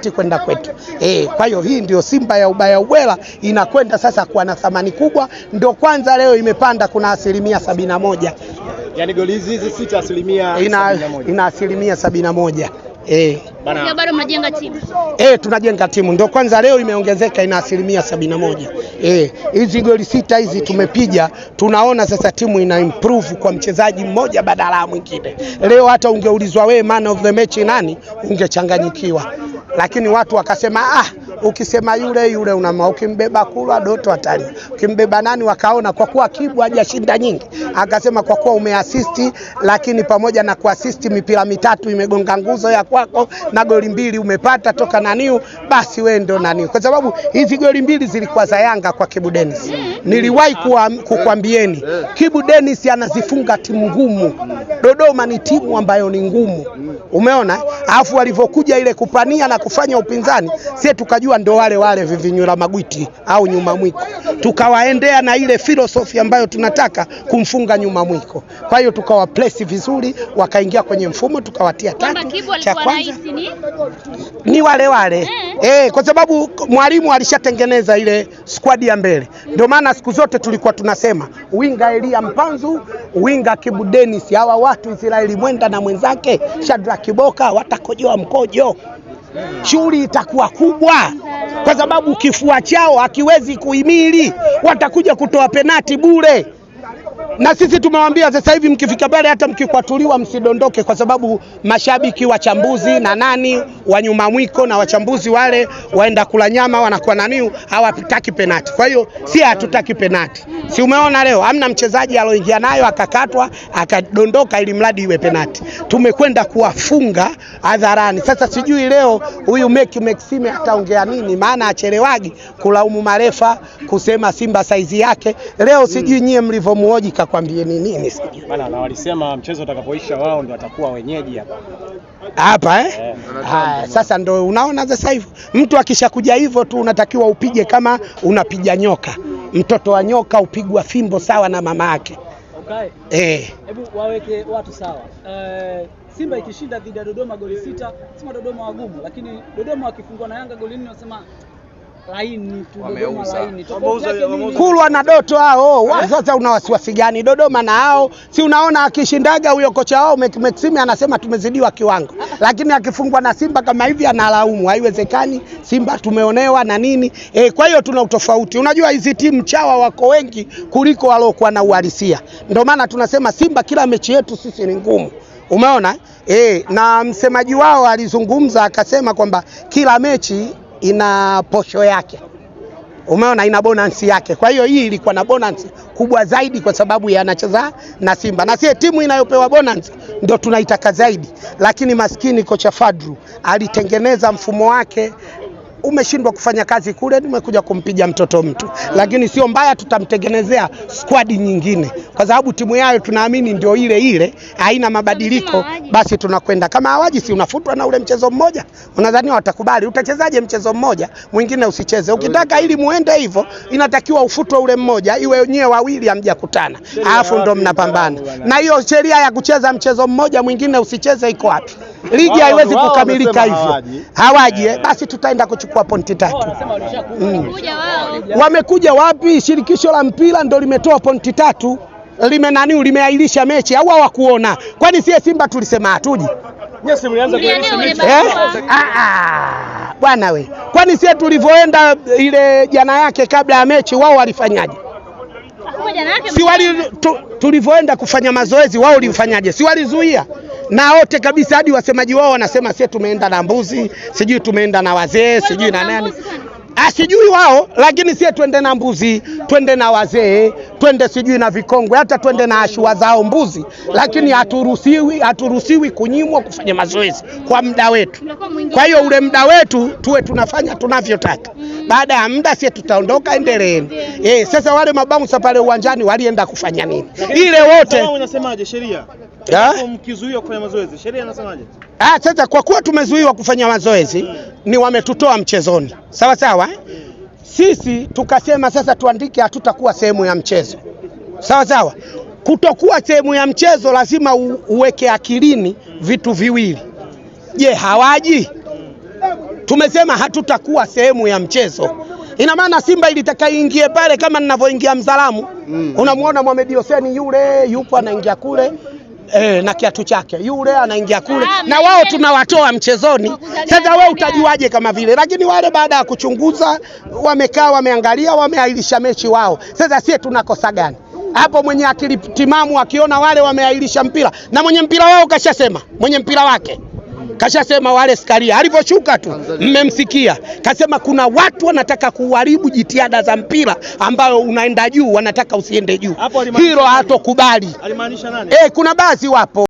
kati kwenda kwetu. E, kwa hiyo hii ndio Simba ya ubaya ubwela inakwenda sasa kuwa na thamani kubwa, ndio kwanza leo imepanda, kuna asilimia sabini na moja yani goli hizi sita asilimia ina, ina asilimia sabini na moja. E, bado mnajenga timu e, tunajenga timu ndio kwanza leo imeongezeka ina asilimia sabini na moja. Hizi e, goli sita hizi tumepiga, tunaona sasa timu ina improve kwa mchezaji mmoja badala ya mwingine. Leo hata ungeulizwa wewe man of the match nani, ungechanganyikiwa lakini watu wakasema ah, Ukisema yule yule unama, ukimbeba Kulwa Doto atalia, ukimbeba nani wakaona. Kwa kuwa Kibu hajashinda nyingi, akasema kwa kuwa umeasisti, lakini pamoja na kuasisti mipira mitatu imegonga nguzo ya kwako na goli mbili umepata toka naniu, basi wewe ndo naniu, kwa sababu hizi goli mbili zilikuwa za Yanga kwa Kibu Dennis. Niliwahi kukwambieni Kibu Dennis anazifunga timu ngumu. Dodoma ni timu ambayo ni ngumu, umeona. Alafu walivyokuja ile kupania na kufanya upinzani, sie tukajua tunajua ndo wale wale vivinyula magwiti au nyuma mwiko, tukawaendea na ile filosofi ambayo tunataka kumfunga nyuma mwiko. Kwa hiyo tukawa place vizuri, wakaingia kwenye mfumo, tukawatia tatu. Cha kwanza ni wale wale eh. E, kwa sababu mwalimu alishatengeneza ile squad ya mbele, ndio maana siku zote tulikuwa tunasema winga Elia Mpanzu, winga Kibu Dennis, hawa watu Israeli Mwenda na mwenzake Shadrack Kiboka watakojoa mkojo shughuli itakuwa kubwa, kwa sababu kifua chao hakiwezi kuhimili, watakuja kutoa penati bure na sisi tumewaambia sasa hivi mkifika pale, hata mkikwatuliwa msidondoke, kwa sababu mashabiki wachambuzi na nani wa nyuma mwiko na wachambuzi wale waenda kula nyama wanakuwa nani, hawataki penati. Kwa hiyo si hatutaki penati, si umeona leo hamna mchezaji aloingia nayo akakatwa akadondoka, ili mradi iwe penati. Tumekwenda kuwafunga hadharani. Sasa sijui leo huyu Mecky Maxime ataongea nini? Maana achelewagi kulaumu marefa kusema Simba saizi yake leo, sijui hmm. nyie mlivyomuoji kakwambie ni nini, sijui maana na walisema mchezo utakapoisha wao ndio watakuwa wenyeji hapa hapa eh? Yeah. Ha, sasa ndo unaona sasa hivi mtu akishakuja hivyo tu unatakiwa upige kama unapiga nyoka. Mtoto wa nyoka upigwa fimbo sawa na mama yake. Okay. Eh. Hebu waweke watu sawa. Uh... Simba ikishinda dhidi ya Dodoma goli sita, sema Dodoma wagumu, lakini Dodoma akifungwa na Yanga goli nne unasema laini tu, Dodoma laini Kulwa na Doto hao sasa, oh, eh? una wasiwasi gani? Dodoma na hao si unaona, akishindaga huyo kocha wao Maxime anasema tumezidiwa kiwango, lakini akifungwa na Simba kama hivi analaumu, haiwezekani, Simba tumeonewa na nini e. Kwa hiyo tuna utofauti, unajua hizi timu chawa wako wengi kuliko waliokuwa na uhalisia, ndio maana tunasema Simba kila mechi yetu sisi ni ngumu. Umeona e, na msemaji wao alizungumza akasema kwamba kila mechi ina posho yake, umeona, ina bonansi yake. Kwa hiyo hii ilikuwa na bonansi kubwa zaidi kwa sababu yanacheza na Simba na sie timu inayopewa bonansi ndio tunaitaka zaidi, lakini maskini kocha Fadru alitengeneza mfumo wake umeshindwa kufanya kazi kule, nimekuja kumpiga mtoto mtu, lakini sio mbaya, tutamtengenezea squad nyingine, kwa sababu timu yayo tunaamini ndio ile ile, haina mabadiliko. Basi tunakwenda kama hawaji, si unafutwa na ule mchezo mmoja. Unadhani watakubali? Utachezaje mchezo mmoja mwingine usicheze? Ukitaka ili muende hivyo, inatakiwa ufutwe ule mmoja, iwe nyewe wawili hamjakutana, alafu ndo mnapambana. Na hiyo sheria ya kucheza mchezo mmoja mwingine usicheze iko wapi? ligi haiwezi kukamilika hivyo, hawaji yeah. Eh. Basi tutaenda kuchukua pointi tatu. Mm. Wamekuja wapi? Shirikisho la mpira ndo limetoa pointi tatu, lime nani, limeahirisha mechi au hawakuona? Kwani sie Simba tulisema hatuji eh? ah, ah. bwana we, kwani sie tulivyoenda ile jana yake kabla ya mechi wao walifanyaje? si wali tulivyoenda kufanya mazoezi wao ulimfanyaje? si walizuia na wote kabisa, hadi wasemaji wao wanasema sie tumeenda na mbuzi, sijui tumeenda na wazee, sijui na nani asijui ah, wao, lakini sie twende na mbuzi, twende na wazee, twende sijui na vikongwe, hata twende na ashua zao mbuzi, lakini haturuhusiwi, haturuhusiwi kunyimwa kufanya mazoezi kwa muda wetu. Kwa hiyo ule muda wetu tuwe tunafanya tunavyotaka baada ya muda sie tutaondoka, endeleeni. Eh, sasa wale mabounsa pale uwanjani walienda kufanya nini? Ile wote unasemaje sheria? Eh? Mkizuiwa kufanya mazoezi, sheria inasemaje? Ah, sasa kwa kuwa tumezuiwa kufanya mazoezi hmm. ni wametutoa mchezoni, sawa sawa eh? hmm. Sisi tukasema sasa tuandike, hatutakuwa sehemu ya mchezo, sawa sawa. Kutokuwa sehemu ya mchezo lazima uweke akilini vitu viwili. Je, hawaji tumesema hatutakuwa sehemu ya mchezo. Ina maana Simba ilitaka iingie pale kama ninavyoingia Mzalamu mm. Unamwona Mohamed Hossein yule yupo anaingia kule E, na kiatu chake yule anaingia kule ah, na wao tunawatoa mchezoni. Sasa wewe utajuaje kama vile? Lakini wale baada ya kuchunguza wamekaa, wameangalia, wameahirisha mechi wao. Sasa sie tunakosa gani hapo? Mwenye akili timamu akiona wale wameahirisha mpira na mwenye mpira wao kashasema mwenye mpira wake kashasema wale skaria alivyoshuka tu, mmemsikia kasema kuna watu wanataka kuharibu jitihada za mpira ambayo unaenda juu, wanataka usiende juu. Hilo hatokubali. Alimaanisha nani? Eh, kuna baadhi wapo